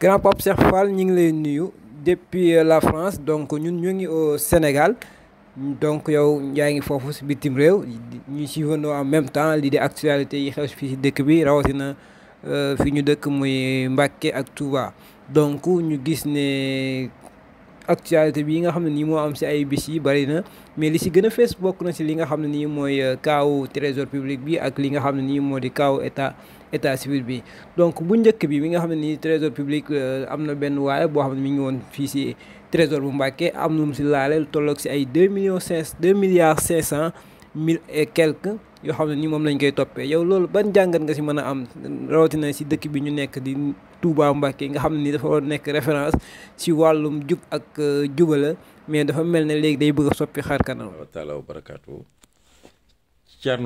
grand Pape Cheikh Fall ñu ngi lay nuyu depuis euh, la France donc ñun ñu ngi au Sénégal donc yow yaa ngi foofu si bitim réew ñu suivandoo en même temps lii de actualité yi xew fii si dëkk bi rawatina euh, fi ñu dëkk muy Mbacké ak Touba donc ñu gis ne actualité bi nga xam ne nii moo am si ay bis yi bëri na mais li ci gën a fees bokk na si li nga xam ne nii mooy euh, kaaw trésor public bi ak li nga xam ne nii moo di kaaw état état civil bi donc bu njëkk bi mi nga xam ne nii trésor public euh, am na benn waaye boo xam ne mi ngi woon fii si trésor bu Mbàkke am na mu si laaleel tolloog si ay deux millions cinq deux milliards cinq cent mille e quelques yoo xam ne ni moom lañ koy toppee yow loolu ban jàngat nga si mën a am rawatina si dëkk bi ñu nekk di Touba Mbacké nga xam ne ni dafa war nekk référence ci wàllum jub ak euh, jubala mais dafa mel ne léegi day bëgg soppi xaar kanam. wa taala wa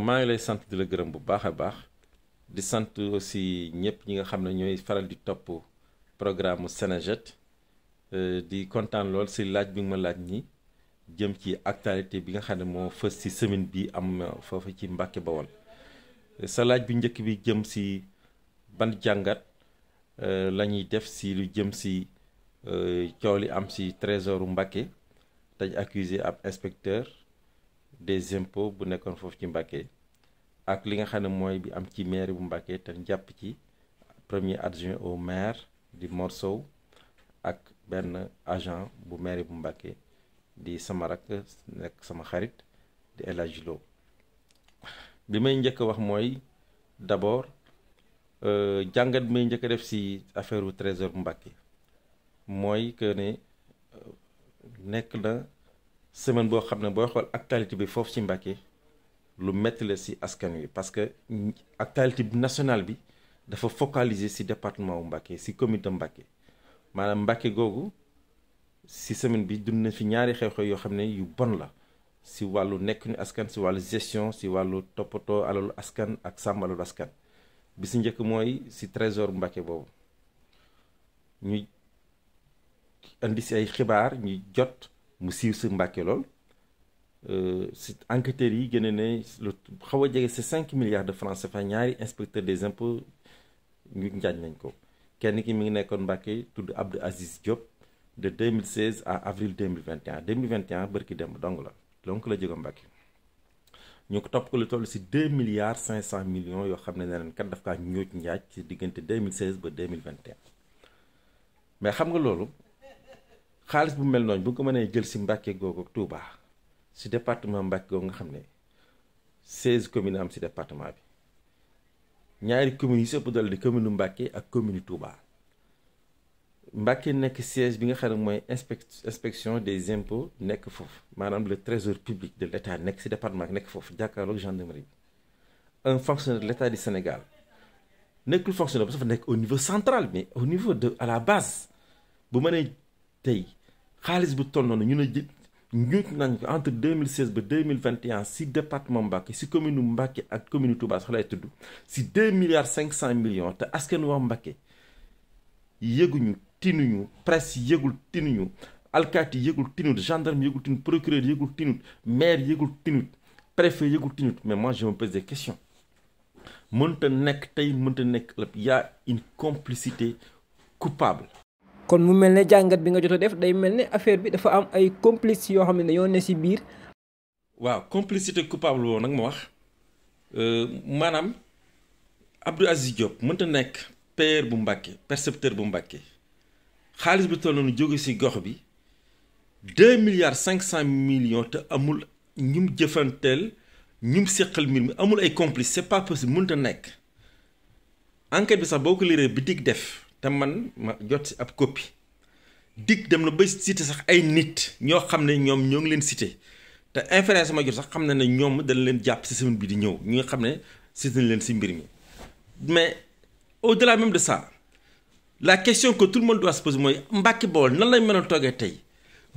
maa ngi lay sant di la gërëm bu baax a baax di sant aussi ñëpp ñi nga xam ne ñooy faral di topp programme mu Sénéjet euh, di kontaan lool si laaj bi nga ma laaj ñi jëm ci actualité bi nga xam ne moo fës si semaine bi am foofu ci Mbàkke Bawol sa laaj bi njëkk bi jëm si ban jàngat euh, la ñuy def si lu jëm si euh, coow li am si trésoru Mbàkke dañ accusé ab inspecteur des impôts bu nekkoon foofu ci Mbàkke ak li nga xam ne mooy bi am ci maire bu Mbàkke te jàpp ci premier adjoint au maire di Mor Sow ak benn agent bu mairie bu Mbàkke di sama rak nekk sama xarit di El Hadj bi may njëkk a wax mooy d'abord euh, jàngat may njëkk a def si affaire u Trésor Mbacké mooy que ne euh, nekk na semaine boo xam ne booy xool actualité bi foofu ci Mbacké lu métti la si askan wi parce que actualité nationale bi dafa focaliser si département wu Mbacké si commune de Mbacké maanaam Mbacké googu. si semaine bi dund na fi ñaari xew-xew yoo xam ne yu bon la si wàllu nekk ni askan si wàllu gestion si wàllu toppatoo alalu askan ak sàmm alalu askan bi si njëkk mooy si trésor Mbacké boobu ñu indi si ay xibaar ñu jot mu siiw si Mbacké lool euh, si enquêteurs yi gën a ne lu xaw a jege si cinq milliards de france CFA ñaari inspecteur des impôts ñu njaaj nañ ko kenn ki mu ngi nekkoon Mbacké tudd Abdou Aziz Diop de 2016 à avril 2021 2021 bërki dem dong la donc la jóge Mbàkke ñu ko topp ko lu toll si 2 cinq cent millions yoo xam ne ne leen kat daf kaa ñooj njaaj ci diggante 2016 ba 2021 mais xam nga loolu xaalis bu mel noonu bu ko mënee jël si Mbàkke googu ak Touba si département Mbàkke googu nga xam ne 16 communes am si département bi ñaari communes yi sëpp doole di commune Mbàkke ak commune Touba. Mbacké nekk siège bi nga xam ne mooy inspection des impôts nekk foofu maanaam le trésor public de l'état nekk ci département nekk foofu jàkkaarloog gendarmerie bi un fonctionnaire de l'état du Sénégal nekkul fonctionnaire ba dafa nekk au niveau central mais au niveau de à la base bu ma nee tey xaalis bu toll noonu ñu ne ji jë ñu nañ ko entre 2016 ba 2021 ci département Mbacké ci commune Mbacké ak commune Touba sax lay tudd ci 2 milliards 500 millions te askan waa Mbacké tinuñu presse yëgul tinuñu alkaati yëgul tinut gendarme yëgul tinut procureur yëgul tinut maire yëgul tinut préfet yëgul tinut mais moi je me pose des mënta nekk tey mënta nekk ëllëg y une complicité coupable. kon mu mel ne jàngat bi nga jot a def day mel ne affaire bi dafa am ay complices yoo xam ne dañoo ne ci biir. waaw complicité coupable boobu nag ma wax euh, maanaam Abdou Aziz Diop mënta nekk père bu Mbàkke percepteur bu Mbàkke xaalis bi toll noonu jóge si gox bi deux milliards cinq cent millions te amul ñum jëfanteel ñum séqal mbir mi amul ay complice c'est pas possible mënut a nekk enquête bi sax boo ko liiree bi dig def te man ma jot si ab copie dig dem na ba cité sax ay nit ñoo xam ne ñoom ñoo ngi leen cité te inférence ma jot sax xam ne na ñoom dana leen jàpp si semaine bi di ñëw ñi nga xam ne cité nañ leen si mbir mi mais au delà même de ça la question que tout le monde doit se mooy Mbàkke Bawol nan lañ mën a toogee tey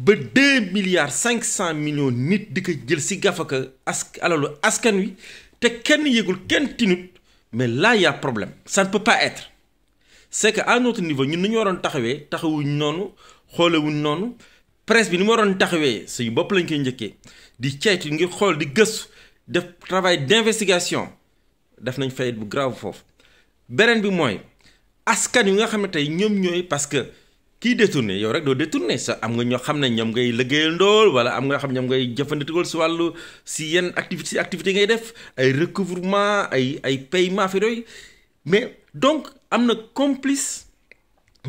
ba deux milliards cinq cent millions nit di ko jël si gafaka ask alalu askan wi te kenn yëgul kenn tinut mais là y problème ça ne peut pas être que à notre niveau ñun ni ñu waroon taxawee taxawuñ noonu xoolewuñ noonu presse bi ni mu waroon taxawee suñu bopp lañ koy njëkkee di ceytu ngir xool di gëstu def travail d'investigation def nañ fayit bu grave foofu beneen bi mooy askan yu nga xam ne tey ñoom ñooy parce que kii détourné yow rek doo détourné sa am nga ñoo xam ne ñoom ngay liggéeyal ndool wala am nga xam ñoom ngay jëfandikool si wàllu si yenn activité si ngay def ay recouvrement ay ay paiement fi mais donc am na complice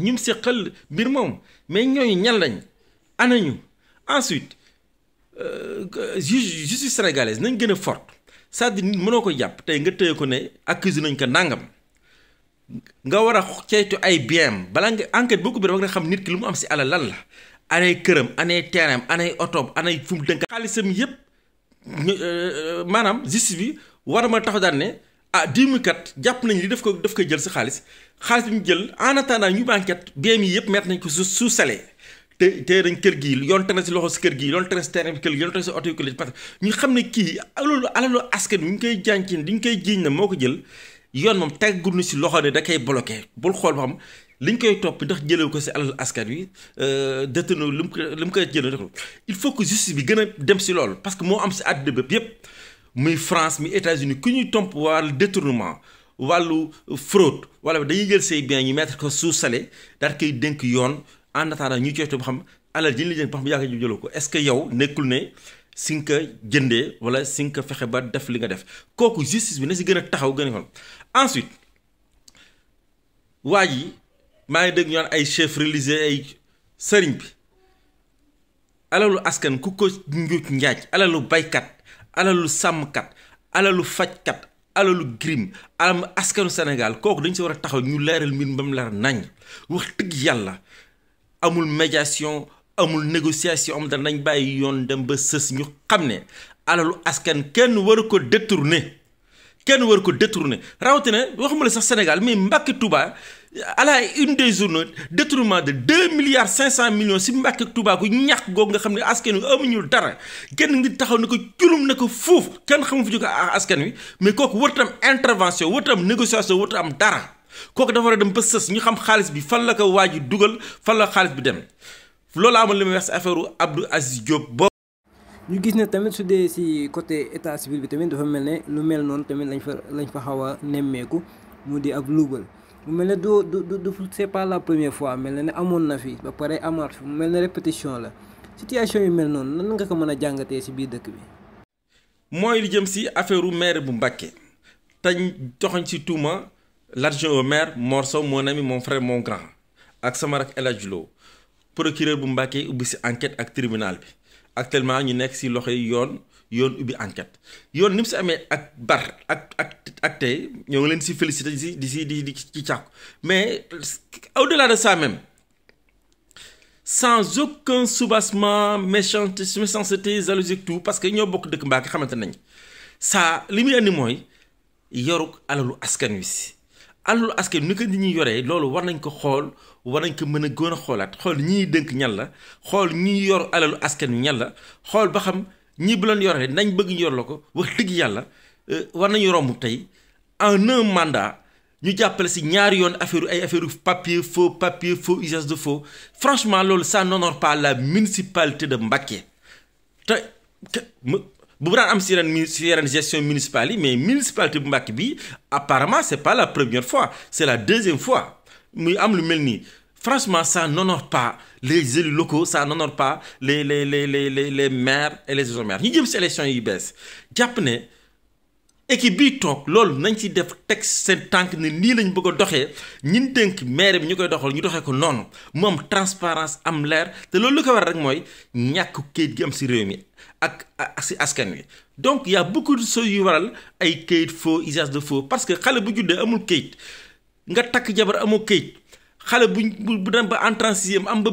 ñum seqal mbir moom mais ñooñu ñan lañ anañu ensuite euh, justice sénégalaise nañ gën a fort cest à nit mënoo ko jàpp tey nga tëye ko ne accuse nañ ko nangam nga war a ceytu ay biens balaa nga enquête boo ko biir nga xam nit ki lu mu am si alal lan la anay këram anay terrain anay otoom anay fu mu dënk xaalisam yëpp euh, euh, maanaam justice bi war a ma tax daan ne ah dix mille jàpp nañ li daf ko daf koy jël si xaalis xaalis bi jël en attendant ñu enquête biens yi yëpp mettre nañ ko su sous scellé te tey dañ kër gii yoon teg si loxo si kër gi yoon teg na si terrain bi kër gii yoon teg si oto yi parce que ñu xam ne kii loolu alalu askan wi ñu koy jànkin di ñu koy jiiñ na moo ko jël yoon moom teggul ñu si loxo ne da koy bloqué bul xool ba xam liñ koy topp ndax jëlee ko si alal askan wi euh, détenu lu mu ko lu mu koy jëlee il faut que justice bi gën a dem si loolu parce que moo am si àddina bépp yëpp muy France muy États-Unis ku ñuy tomp wàllu détournement wàllu fraude wala dañuy jël say biens ñu mettre ko sous scellé daal koy dënk yoon en attendant ñu cooyte ba xam alal ji ñu la jël xam yàgg ñu jëloo ko est-ce que yow nekkul ne. si nga jëndee wala si nga fexe ba def li nga def kooku justice bi na si gën a taxaw gën a xool ensuite waa ji maa ngi dégg ñu ay chef sëriñ bi alalu askan ku ko njuuj njaaj alalu baykat alalu sàmmkat alalu fajkat alalu grim alalu askanu Sénégal kooku dañ si war a taxaw ñu leeral mbir ba mu leer nañ wax dëgg yàlla amul médiation amul négociation am danañ bàyyi yoon dem ba sës ñu xam ne alalu askan kenn waru ko détourner kenn waru ko détourner rawatina waxuma la sax Sénégal mais Mbàkke Touba à la une des journaux détournement de deux milliards cinq cent millions si Mbàkke Touba ku ñàkk googu nga xam ne askan wi amuñu dara kenn ngi taxaw na ko culum na ko foofu kenn xamu fu jóge askan wi mais kooku warta am intervention warta am négociation warta am dara kooku dafa a dem ba sës ñu xam xaalis bi fan la ko waaj dugal fan la xaalis bi dem loolu amul li muy wax si affaire Abdou boobu. ñu gis ne tamit su dee si côté état civil bi tamit dafa mel ne lu mel noonu tamit lañ fa lañ fa xaw a nemmeeku mu di ab luubal mu mel ne doo du du c'est la première fois mel na ne amoon na fi ba pare amaat fi mu mel ne répétition la situation yu mel noonu nan nga ko mën a jàngatee si biir dëkk bi. mooy li jëm si affaire maire bu Mbacké tañ joxoñ ci tuuma l'argent au maire Mor moo mon ami mon frère mon grand ak sama rak El procureur bu Mbàkke ubbi si enquête ak tribunal bi actuellement ñu nekk si loxo yi yoon yoon ubbi enquête yoon ni si amee ak bar ak ak ak tey ñoo ngi leen si félicité di si di di di ci càkku mais au delà de ça même sans aucun soubassement méchanceté méchanceté jalousie tout parce que ñoo bokk dëkk Mbàkke xamante nañ saa li muy andi mooy yoruk alalu askan wi si alalu askan ni ko nit ñi yoree loolu war nañ ko xool war nañ ko mën a gën a xoolaat xool ñi dënk ñan la xool ñi yor alalu askan wi ñan la xool ba xam ñi bu leen yoree nañ bëgg ñu yor la ko wax dëgg yàlla euh, war nañu romb tey en un mandat ñu jàppale si ñaari yoon affaire ay affaire papier faux papier faux usage de faux franchement loolu ça n'honore pas la municipalité de Mbacké te bu daan am si yeneen si yeneen gestion municipale yi mais municipalité bu Mbàkke bi apparemment c'est pas la première fois c'est la deuxième fois muy am lu mel nii franchement ça n'honore pas les élus locaux sa n'honore pas les les les les les les maires et les maires ñu jëm si élection yi bees jàpp ne. équipe bii toog loolu nañ ci def teg seen tànk ne nii lañ bëgg doxee ñin dénk maire bi ñu koy doxal ñu doxee ko noonu mu am transparence am leer te loolu li ko war rek mooy ñàkk kayit gi si réew mi ak si askan wi donc y a beaucoup yu waral ay kayit faux usage de faux parce que xale bu juddee amul kayit nga takk jabar amul kayit xale bu bu dem ba entrant sixième am ba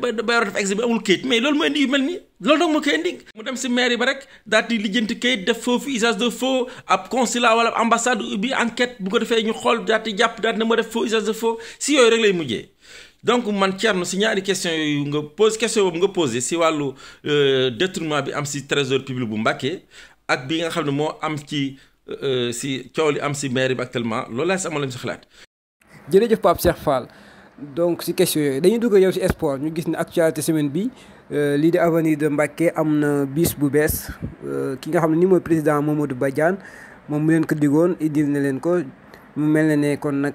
ba ba def examen amul kayit mais loolu mooy indi yu mel nii loolu nag moo koy indi mu dem si mairie ba rek daal di lijjanti kayit def foofu usage de faux ab consulat wala ambassade ubbi enquête bu ko defee ñu xool daal di jàpp daal di na ma def foo usage de faux si yooyu rek lay mujjee donc man Thierno si ñaari question yooyu nga pose question boobu nga posé si wàllu euh, détournement bi am si trésor public bu Mbacké ak bi nga xam ne moo am ci euh, si coow li am si mairie bi actuellement loolu laa si amoon lañu si xalaat. jërëjëf Pape Cheikh Fall donc si question yooyu dugg yow si sport ñu gis ne actualité semaine bi Euh, lii de avenue de Mbacké am na bis bu bees euh, ki nga xam ne ni mooy président Mamadou Badiane moom mu leen ko digoon na leen ko mu mel ne ne kon nag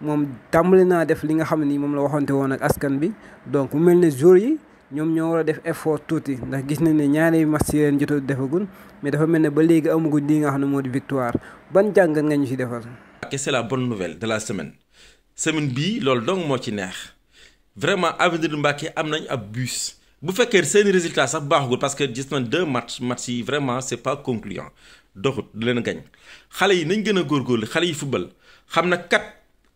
moom tàmbali naa def li nga xam ne ni moom la waxante woon ak askan bi donc mel ne jour yi ñoom ñoo a def effort tuuti ndax gis nañ ne ñaari match yi leen defagul mais dafa mel ne ba léegi amaguñ li nga xam ne moo di victoire ban jàngat nga ñu ci defal. ok c'est la bonne nouvelle de la semaine semaine bii loolu dong moo ci neex vraiment avenue de Mbacké am nañ ab bus. bu fekkee seeni résultat sax baaxagul parce que gis nañ deux matchs matchs yi vraiment c'est pas concluant doxut du leen gañ xale yi nañ gën a góorgóorlu xale yi football xam na kat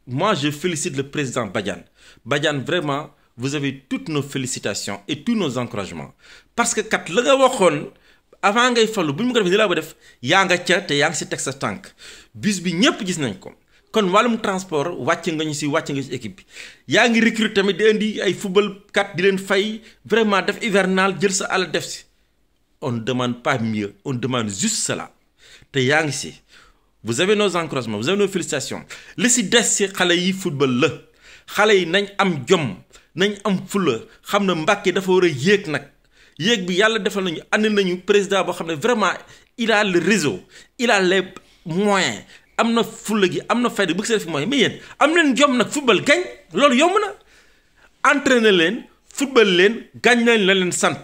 moi je félicite le président Badiane Badiane vraiment vous avez toutes nos félicitations et tous nos encouragements parce que kat la nga waxoon avant ngay fallu bu ñu ko defee ni laa ba def yaa nga ca te yaa ngi si teg sa tànk bus bi ñëpp gis nañ ko. kon wàllum transport wàcc nga ñu si wàcc nga si équipe bi yaa ngi recruter tamit di indi ay football kat di leen fay vraiment def hivernal jël sa àll def si on ne demande pas mieux on demande juste cela te yaa ngi si vous avez nos encouragements vous avez nos félicitations li si des si xale yi football la xale yi nañ am jom nañ am fula xam ne Mbàkke dafa war a yéeg nag yéeg bi yàlla defal nañu ànd nañu président boo xam ne vraiment il a le réseau il am na fulla gi am na fayda bu ko def mooy mais yéen am leen jom nag football gañ loolu yomb na entrene leen football leen gañ leen la leen sant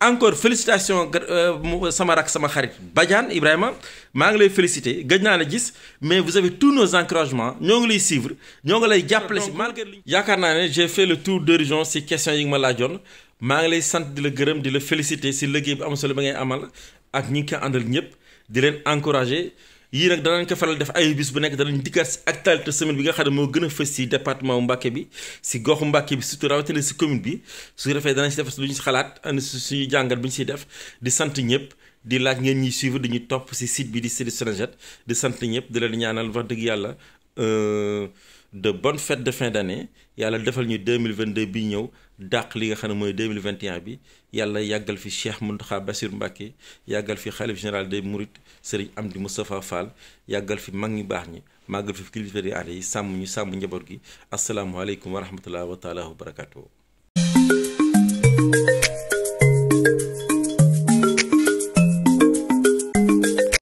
encore félicitation euh, sama rak sama xarit Badiane Ibrahima maa ngi lay féliciter gëj naa la gis mais vous avez tous nos encouragements ñoo ngi lay suivre ñoo ngi lay jàppale si malgré yaakaar naa ne j'ai fait le tour d'horizon si questions yi nga ma laajoon maa ngi lay sant di la gërëm di la félicité si liggéey bu solo ba ngay amal ak ñi ngi ñëpp di leen encourager yii nag danañ ko faral def ay bis bu nekk danañ dikkaat si actualité semaine bi nga xam ne moo gën a fës si département Mbacké bi si goxu Mbacké bi surtout rawatina si commune bi su defee danañ si def lu ñu si xalaat and suñu jàngat bu ñu siy def di sant ñëpp di laaj ngeen ñuy suivre dañuy topp si site bi di Sénégal di sant ñëpp di leen ñaanal wax dëgg yàlla euh, de bonnes fêtes de fin d'année yàlla defal ñu 2022 bi ñëw dàq li nga xam ne mooy 2021 bi yàlla yàggal fi Cheikh Mountakha Bassirou Mbacké yàggal fi xalif général des Mourides Serigne Amdi Moustapha Fall yàggal fi mag ñi baax ñi màggal fi kilifa di yi sàmm ñu sàmm njaboot gi asalaamualeykum wa rahmatulah wa taalaa